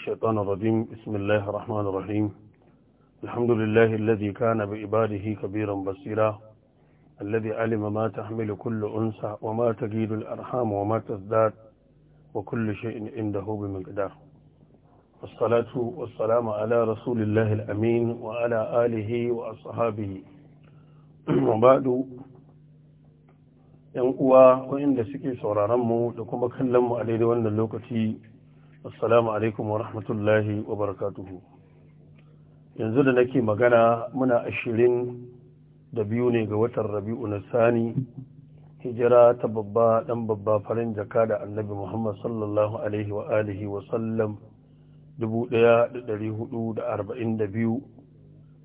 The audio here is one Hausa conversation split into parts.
الشيطان الرجيم بسم الله الرحمن الرحيم الحمد لله الذي كان بإباده كبيرا بصيرا الذي علم ما تحمل كل أنثى وما تجيد الأرحام وما تزداد وكل شيء عنده بمقدار والصلاة والسلام على رسول الله الأمين وعلى آله وأصحابه وبعد ‘yan uwa waɗanda suke sauraronmu da kuma kallonmu a daidai wannan lokaci assalamu alaikum wa rahmatullahi wa barakatuhu yanzu da nake magana muna ashirin da biyu ne ga watan rabi'u na sani hijira ta babba dan babba farin jaka da annabi muhammad sallallahu alaihi wa alihi wa sallam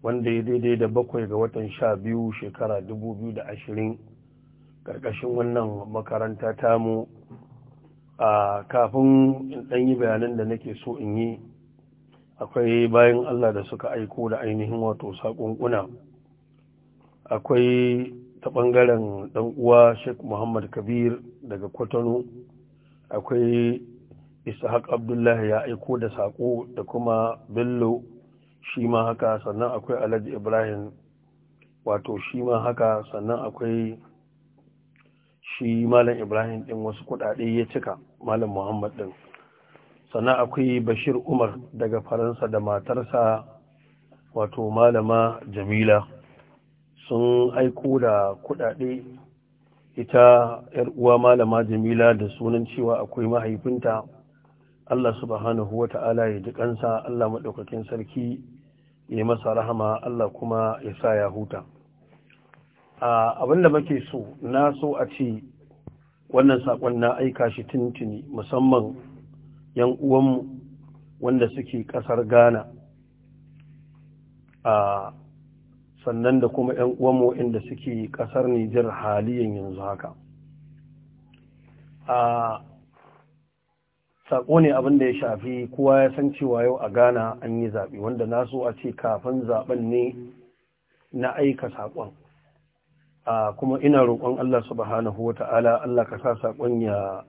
wanda ya daidai da bakwai ga watan sha biyu shekara da ashirin ƙarƙashin wannan makaranta tamu a kafin in ɗan yi bayanan da nake so in yi akwai bayan Allah da suka aiko da ainihin wato saƙonƙuna akwai ta ɓangaren ɗan uwa Sheikh Muhammad Kabir daga Kwatano akwai Ishaq Abdullahi ya aiko da saƙo da kuma Bello shi ma haka sannan akwai Alhaji Ibrahim wato shi ma haka sannan akwai shi malam ibrahim din wasu kuɗaɗe ya cika malam muhammad din sannan akwai bashir umar daga faransa da matarsa wato malama jamila sun aiko da kuɗaɗe ita ‘yar uwa malama jamila da sunan cewa akwai mahaifinta Allah subhanahu wa ta'ala ya ji kansa Allah maɗaukakin sarki ya masa rahama Allah kuma ya sa ya huta. abinda muke so na so a ce wannan saƙon na aika shi tuntuni musamman yan uwanmu wanda suke ƙasar ghana a sannan da kuma yan uwanmu inda suke ƙasar nijar haliyan yanzu haka a saƙo ne abin da ya shafi kowa ya san cewa yau a ghana an yi zaɓe wanda na so a ce kafin zaɓen ne na aika saƙon kuma ina roƙon Allah subhanahu wa ta'ala Allah ka sa saƙon ya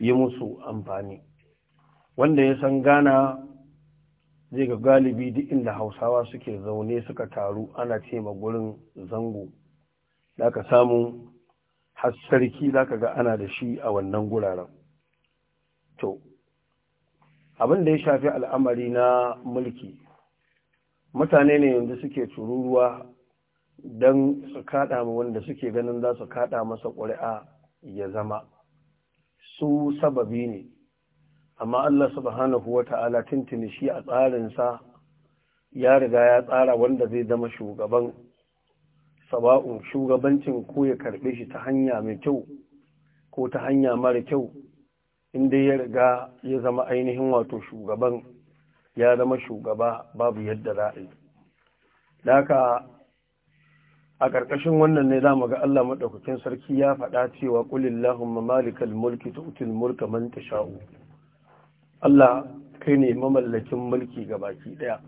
yi musu amfani wanda ya san gana zai ga galibi duk inda hausawa suke zaune suka taru ana ce ma gurin zango da ka samu har za ka ga ana da shi a wannan guraren to abin da ya shafi al'amari na mulki mutane ne yanzu suke tururuwa don su kaɗa ma wanda suke ganin za su kaɗa masa ƙuri'a ya zama su sababi ne amma Allah subhanahu wa ta'ala tuntuni shi a tsarinsa ya riga ya tsara wanda zai zama shugaban saba'un shugabancin ko ya karɓe shi ta hanya mai kyau ko ta hanya mara kyau in dai ya riga ya zama ainihin wato shugaban ya zama shugaba babu yadda Da haka a ƙarƙashin wannan ne za mu ga Allah maɗaukakin sarki ya faɗa cewa ƙulillahumma malikal mulki tu'til mulka man sha'u. Allah kai ne mamallakin mulki ga baki ɗaya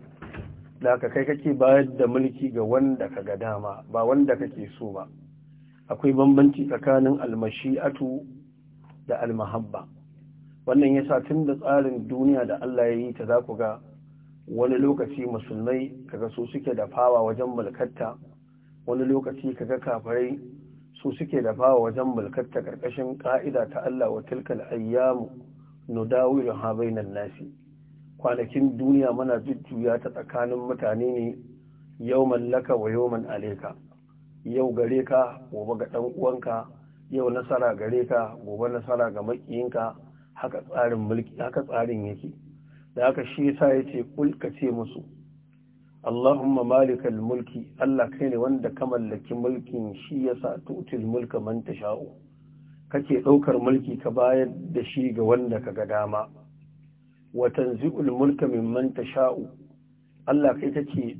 da ka kai kake bayar da mulki ga wanda ka ga dama ba wanda kake so ba akwai bambanci tsakanin almashi'atu da almahabba wannan ya sa tun da tsarin duniya da Allah ya yi ta za ku ga wani lokaci musulmai kaga su suke da fawa wajen mulkatta wani lokaci ka ga kafarai su suke dafawa wajen mulkar ta karkashin ka'ida ta Allah wa tilkal ayyamu nudawilu ha bainan nasi kwanakin duniya muna jujjuya ta tsakanin mutane ne yau mallaka wa yau man aleka yau gare ka gobe ga dan uwanka yau nasara gare ka gobe nasara ga makiyinka haka tsarin mulki haka tsarin yake da haka shi yasa yace kulka ce musu Allahumma malikal mulki Allah kai ne wanda ka mallaki mulkin shi yasa tutul mulka man tasha'u kake daukar mulki ka bayar da shi ga wanda ka ga dama wa tanzi'ul mulka mimman tasha'u Allah kai kake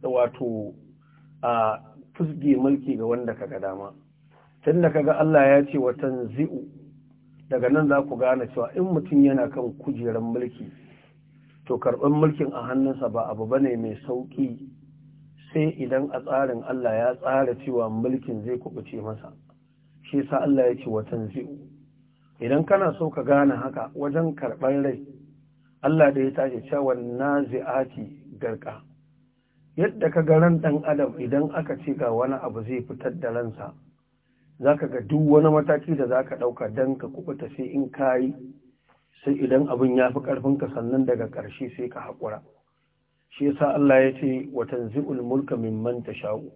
wato a fusge mulki ga wanda ka ga dama da kaga Allah ya ce wa tanzi'u daga nan za ku gane cewa in mutum yana kan kujerar mulki to karɓar mulkin a hannunsa ba abu bane mai sauƙi sai idan a tsarin Allah ya tsara cewa mulkin zai kubuce masa shi sa Allah ya ce watan zi'u idan kana so ka gane haka wajen karɓar rai Allah da ya tashi cewa nazi'ati garka yadda ka ga ran ɗan adam idan aka ce ga wani abu zai fitar da ransa za ka ga duk wani mataki da za ka ɗauka don ka kubuta sai in kayi sai idan abin ya fi ƙarfinka sannan daga ƙarshe sai ka haƙura shi yasa Allah ya ce wa tanzi'ul mulka man tasha'u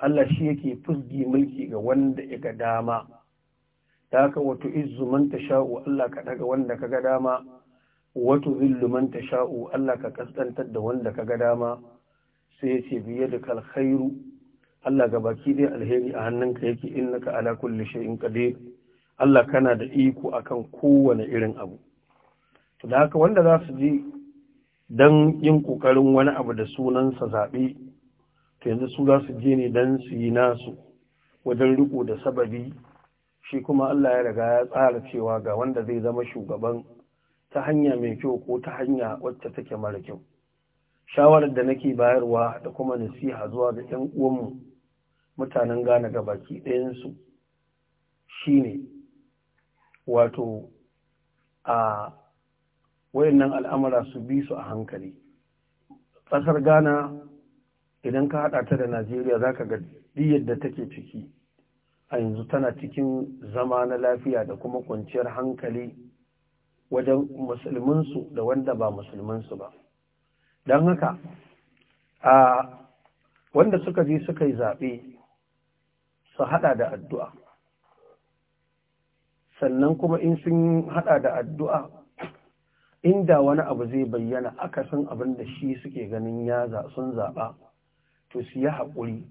Allah shi yake fusgi mulki ga wanda ya ga dama da haka wato izzu man tasha'u Allah ka daga wanda ka ga dama wato zillu man tasha'u Allah ka kaskantar da wanda ka ga dama sai ya ce biye da Allah ga baki dai alheri a hannunka yake innaka ala kulli shay'in qadir Allah kana da iko akan kowane irin abu to da haka wanda za su je don yin ƙoƙarin wani abu da sunansa zaɓe to yanzu su za su je ne don su yi nasu wajen riko da sababi shi kuma Allah ya riga ya tsara cewa ga wanda zai zama shugaban ta hanya mai kyau ko ta hanya wacce take mara kyau shawarar da nake bayarwa da kuma nasiha zuwa ga ƴan uwanmu mutanen gane ga baki ɗayansu shine wato a wayannan al'amura su bi su a hankali ƙasar ghana idan ka haɗa ta da najeriya za ka ga da take ciki a yanzu tana cikin zama na lafiya da kuma kwanciyar hankali wajen musulminsu da wanda ba musulminsu ba don haka a wanda suka je suka yi zaɓe su haɗa da addu'a sannan kuma in sun haɗa da addu'a inda wani abu zai bayyana san abin da shi suke ganin ya sun zaɓa to su yi haƙuri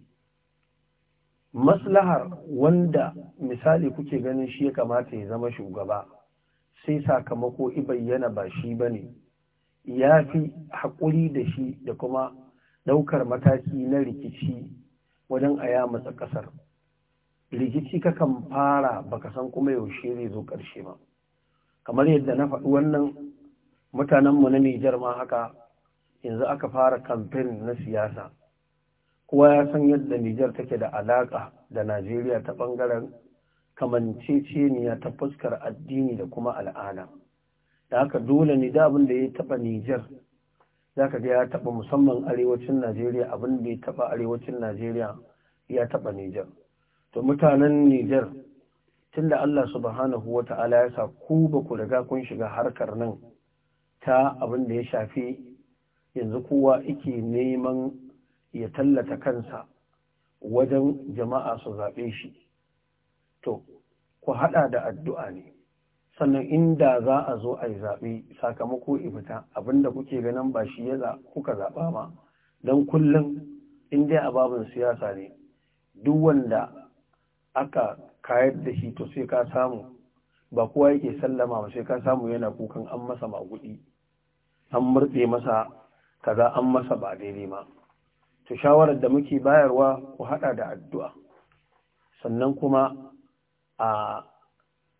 maslahar wanda misali kuke ganin shi ya kamata ya zama shugaba sai sakamako i bayyana ba shi ba ne ya fi haƙuri da shi da kuma ɗaukar mataki na rikici wajen a ya matsa ƙasar rikici kakan fara baka san kuma yaushe zai zo ƙarshe ba kamar yadda na faɗi wannan mutanenmu na Nijar ma haka yanzu aka fara kamfen na siyasa kowa ya san yadda Nijar take da alaƙa da Najeriya ta ɓangaren kamanceceniya ta fuskar addini da kuma al'ada da haka dole ne da abin da ya taɓa Nijar za ka ga ya taɓa musamman arewacin Najeriya abin da ya taɓa arewacin Najeriya ya taɓa Nijar to mutanen Nijar tunda Allah subhanahu wa ta'ala ya sa ku ba ku riga kun shiga harkar nan ta abin da ya shafi yanzu kowa ike neman ya tallata kansa wajen jama'a su zaɓe shi to ku haɗa da addu'a ne sannan inda za a zo a yi zaɓe sakamako ifita abinda kuke ganin ba shi ya kuka zaɓa ma don kullum inda a babin siyasa ne duk wanda aka kayar da shi to sai ka samu ba kowa yake sallama ba sai ka samu yana kukan an masa maguɗi an murɗe masa kaza an masa ba daidai ma to shawarar da muke bayarwa ku haɗa da addu'a sannan kuma a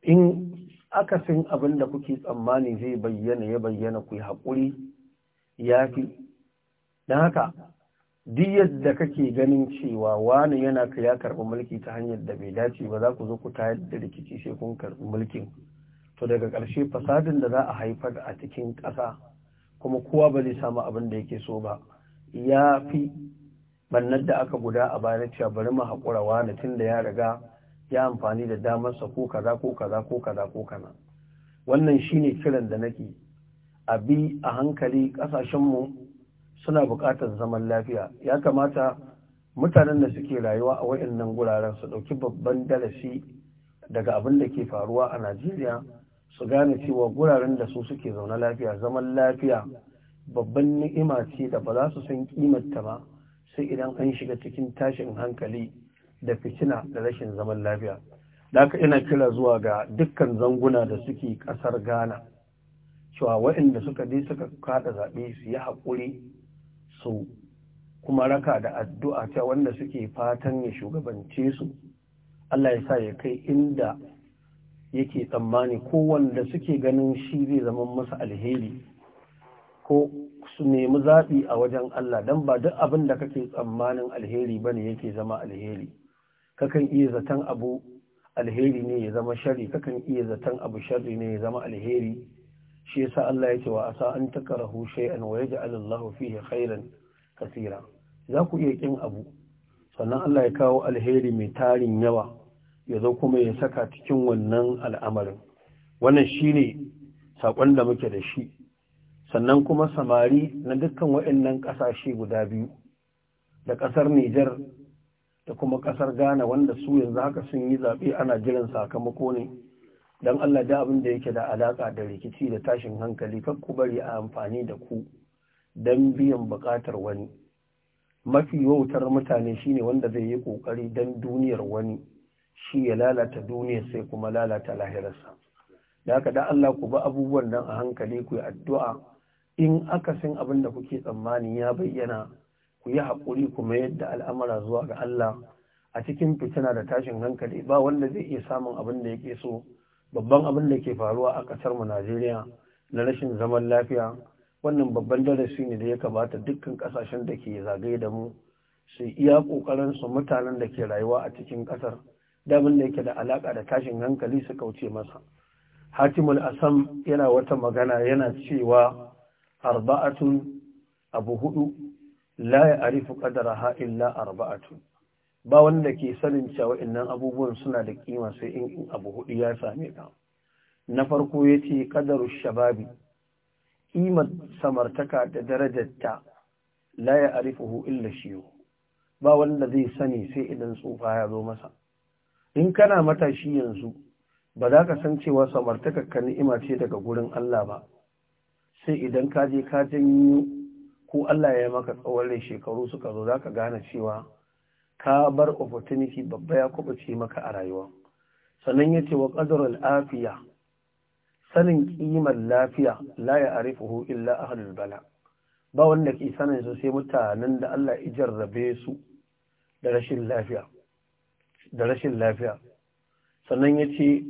in akasin abin da kuke tsammani zai bayyana ya bayyana ku yi haƙuri ya fi don haka duk yadda kake ganin cewa wani yana ka ya karɓi mulki ta hanyar da bai dace ba za ku zo ku tayar da rikici sai kun karɓi mulkin to daga ƙarshe fasadin da za a haifar a cikin ƙasa kuma kowa ba zai samu abin da yake so ba ya fi bannan da aka guda a bayan cewa bari mu haƙura wani tun da ya riga ya amfani da damarsa ko kaza ko kaza ko kaza ko kaza wannan shine kiran da nake a bi a hankali mu suna buƙatar zaman lafiya ya kamata mutanen da suke rayuwa a waɗannan guraren su ɗauki babban darasi daga abin da ke faruwa a najeriya su gane cewa guraren da su suke zaune lafiya zaman lafiya babban ni'ima ce da ba za su san ƙimarta ba sai idan an shiga cikin tashin hankali da fitina da rashin zaman lafiya da ina kira zuwa ga dukkan zanguna da suke kasar ghana cewa waɗanda suka je suka kada zaɓe su yi haƙuri su kuma raka da addu'a ta wanda suke fatan ya shugabance su Allah ya sa ya kai inda yake tsammani ko wanda suke ganin shi zai zama masa alheri ko su nemi zaɓi a wajen Allah don ba duk abin da kake tsammanin alheri ba ne yake zama alheri kakan iya zaton abu alheri ne ya zama shari kakan iya zaton abu shari ne ya zama alheri shi yasa Allah ya ce wa asa an takarahu shay'an wa yaj'al Allah fihi khairan kasira za ku iya kin abu sannan Allah ya kawo alheri mai tarin yawa ya zo kuma ya saka cikin wannan al'amarin wannan shi ne saƙon da muke da shi sannan kuma samari na dukkan waɗannan ƙasashe guda biyu da ƙasar Nijar da kuma ƙasar Ghana wanda su yanzu haka sun yi zaɓe ana jiran sakamako ne don Allah da abin da yake da alaƙa da rikici da tashin hankali kar ku bari a amfani da ku don biyan buƙatar wani mafi wautar mutane shine wanda zai yi ƙoƙari don duniyar wani shi ya lalata duniya sai kuma lalata lahirarsa da aka da Allah ku ba abubuwan nan a hankali ku yi addu'a in aka akasin abin da kuke tsammani ya bayyana ku yi haƙuri kuma yadda al'amara zuwa ga Allah a cikin fitina da tashin hankali ba wanda zai iya samun abin da yake so babban abin da ke faruwa a ƙasar mu Najeriya na rashin zaman lafiya wannan babban darasi ne da ya kamata dukkan ƙasashen da ke zagaye da mu su iya ƙoƙarin su mutanen da ke rayuwa a cikin ƙasar da da yake da alaka da tashin hankali su kauce masa hatimul asam yana wata magana yana cewa arba'atun abu hudu la ya arifu qadaraha illa arba'atun ba wanda ke sanin cewa innan abubuwan suna da kima sai in abu hudu ya same ka na farko ya ce qadaru shababi Ƙimar samartaka da darajarta la ya arifuhu illa shiyo ba wanda zai sani sai idan tsufa ya zo masa in kana matashi yanzu ba za ka san cewa ka ni'ima ce daga gurin Allah ba sai idan ka je ka janyo ko Allah ya maka tsawon rai shekaru suka zo za ka gane cewa ka bar opportunity babba ya ce maka a rayuwa sannan ya ce wa ƙadarar afiya sanin ƙimar lafiya la ya arifuhu illa ahlul bala ba wanda ke sanin su sai mutanen da Allah ya rabe su da rashin lafiya da rashin lafiya sannan ya ce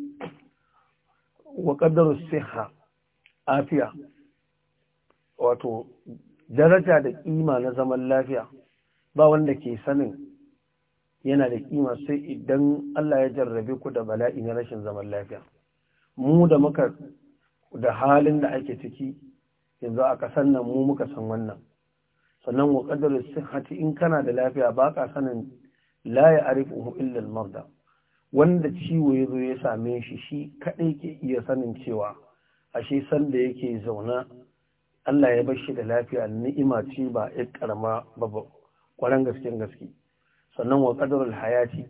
wa ƙaddarus siha afiya wato daraja da ƙima na zaman lafiya ba wanda ke sanin yana da ƙima sai idan Allah ya jarrabe ku da bala'i na rashin zaman lafiya mu da muka da halin da ake ciki yanzu a ƙasar nan mu muka san wannan sannan wa ƙaddarus in kana da lafiya ba ka sanin la ya arifuhu illa al-marda wanda ciwo ya zo ya same shi shi kadai ke iya sanin cewa ashe sanda yake zauna Allah ya bar shi da lafiya ni'ima ce ba ya karama ba kwaran gasken gaske sannan wa qadarul hayati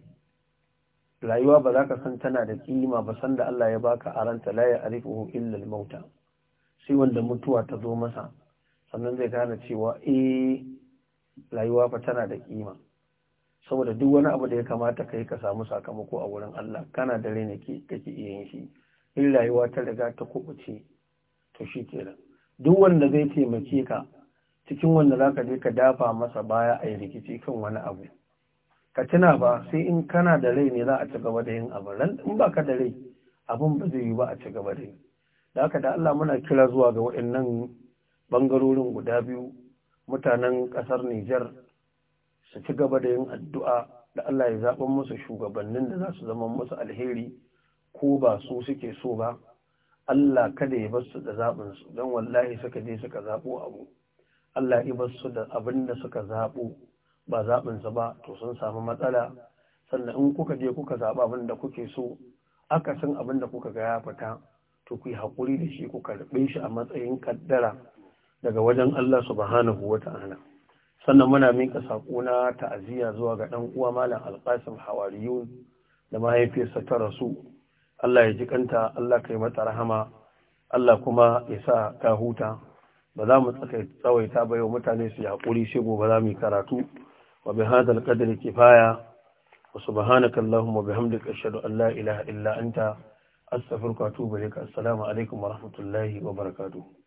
rayuwa ba za ka san tana da kima ba sanda Allah ya baka aranta, la ya arifuhu illa mauta sai wanda mutuwa ta zo masa sannan zai gane cewa eh rayuwa fa tana da kima saboda duk wani abu da ya kamata ka yi ka samu sakamako a wurin Allah kana da ne ke kake iya yin shi in rayuwa ta riga ta kubuce to shi kenan duk wanda zai taimake ka cikin wanda zaka je ka dafa masa baya a yi rikici kan wani abu ka tuna ba sai in kana da rai ne za a ci gaba da yin abu ran in baka da rai abin ba zai yi ba a ci gaba da yi da haka da Allah muna kira zuwa ga waɗannan bangarorin guda biyu mutanen ƙasar Nijar su ci gaba da yin addu'a da Allah ya zaɓa musu shugabannin da za su zama musu alheri ko ba su suke so ba Allah kada ya basu da zaɓin su don wallahi suka je suka zaɓo abu Allah ya basu da abin da suka zaɓo ba zaɓin su ba to sun samu matsala sannan in kuka je kuka zaɓa abin da kuke so aka san abin da kuka ga ya fita to ku yi haƙuri da shi ku karɓe shi a matsayin kaddara daga wajen Allah subhanahu wa ta'ala sannan muna minka saƙo na ta'aziyya zuwa ga ɗan uwa malam alƙasim hawariyun da mahaifiyarsa ta rasu Allah ya ji kanta Allah kai mata rahama Allah kuma ya sa ka huta ba za mu tsawaita ba yau mutane su haƙuri sai gobe za mu yi karatu wa bi hadal qadri kifaya wa subhanaka allahumma bihamdika ashhadu an la ilaha illa anta astaghfiruka wa atubu ilaik assalamu alaikum wa rahmatullahi wa barakatuh